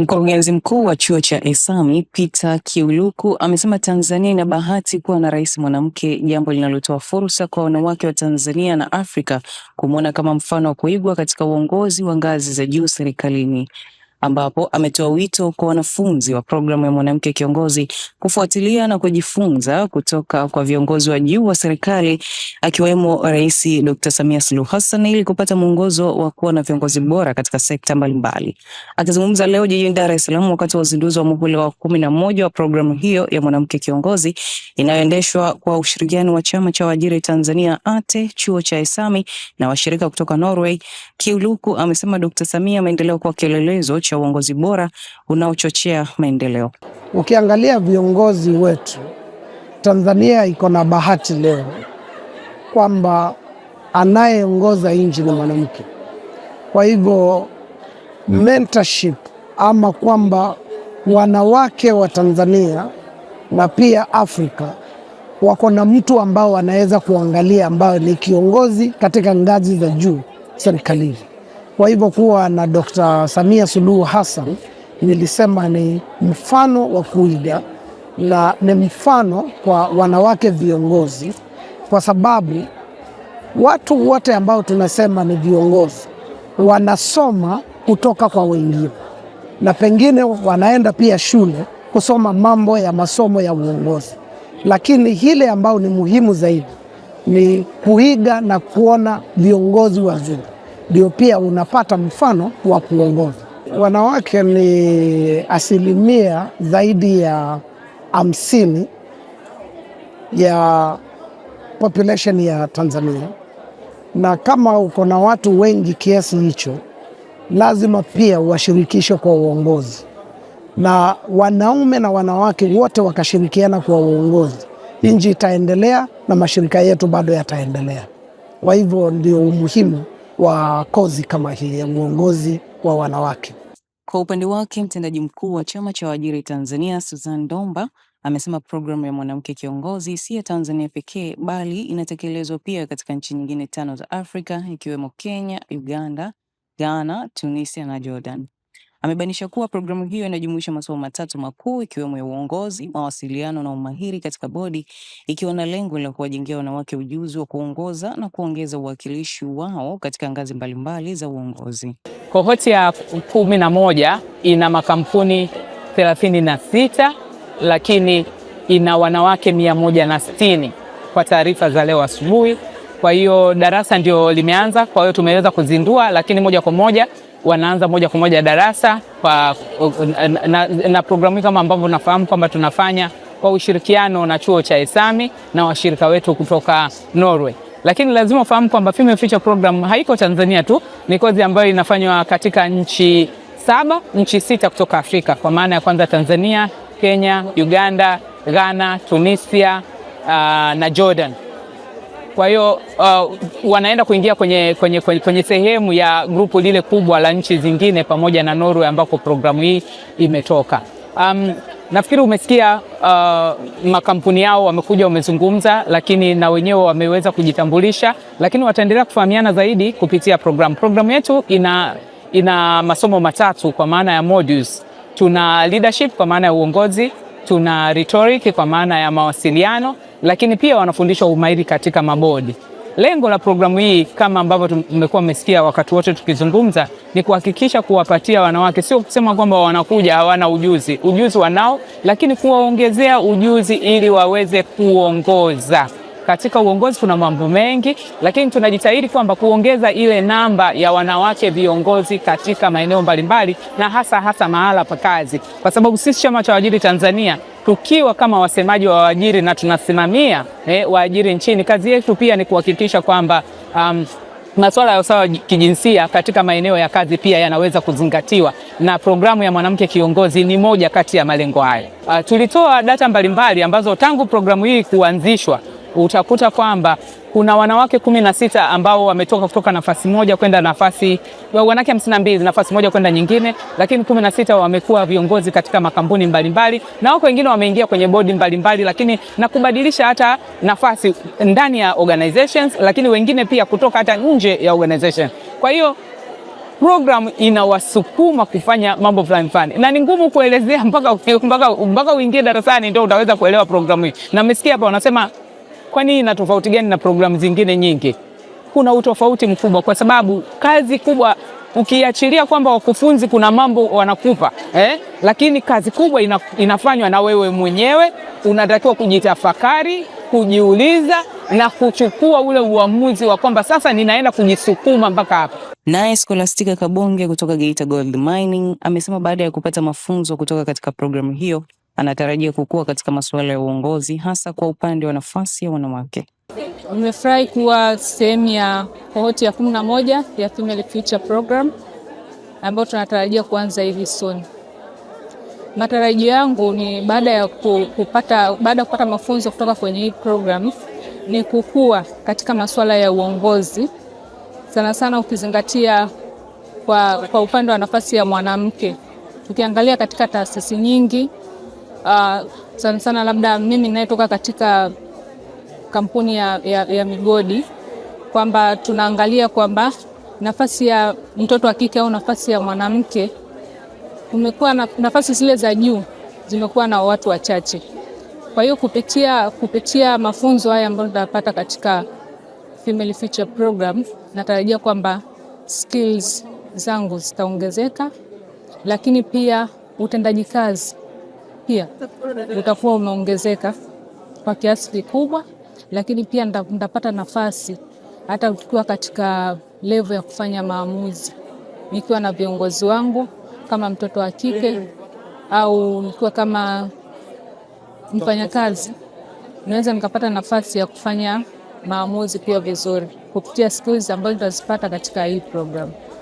Mkurugenzi mkuu wa chuo cha ESAMI Peter Kiuluku amesema Tanzania ina bahati kuwa na rais mwanamke, jambo linalotoa fursa kwa wanawake wa Tanzania na Afrika kumwona kama mfano wa kuigwa katika uongozi wa ngazi za juu serikalini ambapo ametoa wito kwa wanafunzi wa programu ya Mwanamke Kiongozi kufuatilia na kujifunza kutoka kwa viongozi wa juu wa serikali akiwemo Rais Dr. Samia Suluhu Hassan ili kupata mwongozo wa kuwa na viongozi bora katika sekta mbalimbali. Akizungumza leo jijini Dar es Salaam wakati wa uzinduzi wa muhula wa kumi na moja wa programu hiyo ya Mwanamke Kiongozi inayoendeshwa kwa ushirikiano wa Chama cha Waajiri Tanzania ATE, chuo cha ESAMI na washirika kutoka Norway, Kiuluku amesema Dr. Samia ameendelea kuwa kielelezo cha uongozi bora unaochochea maendeleo. Ukiangalia viongozi wetu, Tanzania iko na bahati leo kwamba anayeongoza nchi ni mwanamke. Kwa hivyo mentorship ama kwamba wanawake wa Tanzania na pia Afrika wako na mtu ambao wanaweza kuangalia ambayo ni kiongozi katika ngazi za juu serikalini. Kwa hivyo kuwa na Dr. Samia Suluhu Hassan nilisema ni mfano wa kuiga na ni mfano kwa wanawake viongozi, kwa sababu watu wote ambao tunasema ni viongozi wanasoma kutoka kwa wengine, na pengine wanaenda pia shule kusoma mambo ya masomo ya uongozi, lakini hile ambao ni muhimu zaidi ni kuiga na kuona viongozi wazuri ndio pia unapata mfano wa kuongoza. Wanawake ni asilimia zaidi ya hamsini ya population ya Tanzania, na kama uko na watu wengi kiasi hicho, lazima pia washirikishwe kwa uongozi, na wanaume na wanawake wote wakashirikiana kwa uongozi, nchi itaendelea na mashirika yetu bado yataendelea. Kwa hivyo ndio umuhimu wa kozi kama hii ya uongozi wa wanawake. Kwa upande wake, mtendaji mkuu wa chama cha waajiri Tanzania Suzan Domba amesema programu ya mwanamke kiongozi si ya Tanzania pekee bali inatekelezwa pia katika nchi nyingine tano za Afrika ikiwemo Kenya, Uganda, Ghana, Tunisia na Jordan. Amebainisha kuwa programu hiyo inajumuisha masomo matatu makuu ikiwemo ya uongozi, mawasiliano na umahiri katika bodi, ikiwa na lengo la kuwajengea wanawake ujuzi wa kuongoza na kuongeza uwakilishi wao katika ngazi mbalimbali za uongozi. Kohoti ya kumi na moja ina makampuni thelathini na sita lakini ina wanawake mia moja na stini kwa taarifa za leo asubuhi. Kwa hiyo darasa ndio limeanza, kwa hiyo tumeweza kuzindua, lakini moja kwa moja wanaanza moja kwa moja darasa kwa, na, na programu kama ambavyo unafahamu kwamba tunafanya kwa ushirikiano na chuo cha ESAMI na washirika wetu kutoka Norway. Lakini lazima ufahamu kwamba Female Future Program haiko Tanzania tu, ni kozi ambayo inafanywa katika nchi saba, nchi sita kutoka Afrika, kwa maana ya kwanza Tanzania, Kenya, Uganda, Ghana, Tunisia uh, na Jordan. Kwa hiyo uh, wanaenda kuingia kwenye, kwenye, kwenye, kwenye sehemu ya grupu lile kubwa la nchi zingine pamoja na Norway ambako programu hii imetoka. Um, nafikiri umesikia uh, makampuni yao wamekuja wamezungumza, lakini na wenyewe wameweza kujitambulisha, lakini wataendelea kufahamiana zaidi kupitia programu. Programu yetu ina, ina masomo matatu kwa maana ya modules. Tuna leadership kwa maana ya uongozi, tuna rhetoric kwa maana ya mawasiliano lakini pia wanafundishwa umahiri katika mabodi. Lengo la programu hii kama ambavyo mmekuwa mmesikia wakati wote tukizungumza ni kuhakikisha kuwapatia wanawake, sio kusema kwamba wanakuja hawana ujuzi. Ujuzi wanao, lakini kuwaongezea ujuzi ili waweze kuongoza. Katika uongozi kuna mambo mengi, lakini tunajitahidi kwamba kuongeza ile namba ya wanawake viongozi katika maeneo mbalimbali na hasa hasa mahala pa kazi, kwa sababu sisi chama cha Waajiri Tanzania tukiwa kama wasemaji wa waajiri na tunasimamia eh, waajiri nchini, kazi yetu pia ni kuhakikisha kwamba um, masuala ya usawa kijinsia katika maeneo ya kazi pia yanaweza kuzingatiwa, na programu ya mwanamke kiongozi ni moja kati ya malengo hayo. Uh, tulitoa data mbalimbali ambazo tangu programu hii kuanzishwa utakuta kwamba kuna wanawake kumi na sita ambao wametoka kutoka nafasi moja kwenda nafasi, wanawake hamsini na mbili nafasi moja kwenda nyingine, lakini kumi na sita wamekuwa viongozi katika makampuni mbalimbali mbali, na wako wengine wameingia kwenye bodi mbalimbali, lakini na kubadilisha hata nafasi ndani ya organizations, lakini wengine pia kutoka hata nje ya organization. Kwa hiyo program inawasukuma kufanya mambo fulani fulani, na ni ngumu kuelezea mpaka mpaka mpaka uingie darasani ndio utaweza kuelewa programu hii. Na mmesikia hapa wanasema kwa nini na tofauti gani na programu zingine nyingi? Kuna utofauti mkubwa, kwa sababu kazi kubwa ukiachilia kwamba wakufunzi kuna mambo wanakupa eh, lakini kazi kubwa ina, inafanywa na wewe mwenyewe. Unatakiwa kujitafakari, kujiuliza na kuchukua ule uamuzi wa kwamba sasa ninaenda kujisukuma mpaka hapa. Naye Scholastica Kabonge kutoka Geita Gold Mining amesema baada ya kupata mafunzo kutoka katika programu hiyo anatarajia kukua katika masuala ya uongozi hasa kwa upande wa nafasi ya wanawake. Nimefurahi kuwa sehemu ya kohoti ya kumi na moja ya Female Future Program ambayo tunatarajia kuanza hivi soon. Matarajio yangu ni baada ya kupata, baada ya kupata mafunzo kutoka kwenye hii program ni kukua katika masuala ya uongozi sana sana ukizingatia kwa, kwa upande wa nafasi ya mwanamke. Tukiangalia katika taasisi nyingi uh, sana sana labda mimi ninayetoka katika kampuni ya, ya, ya migodi kwamba tunaangalia kwamba nafasi ya mtoto wa kike au nafasi ya mwanamke umekuwa na, nafasi zile za juu zimekuwa na watu wachache. Kwa hiyo kupitia, kupitia mafunzo haya ambayo tunapata katika Female Future Program natarajia kwamba skills zangu zitaongezeka, lakini pia utendaji kazi pia utakuwa umeongezeka kwa kiasi kikubwa, lakini pia ndapata nafasi hata ukiwa katika levo ya kufanya maamuzi, nikiwa na viongozi wangu kama mtoto wa kike au nikiwa kama mfanyakazi, naweza nikapata nafasi ya kufanya maamuzi pia vizuri kupitia skills ambazo nitazipata katika hii programu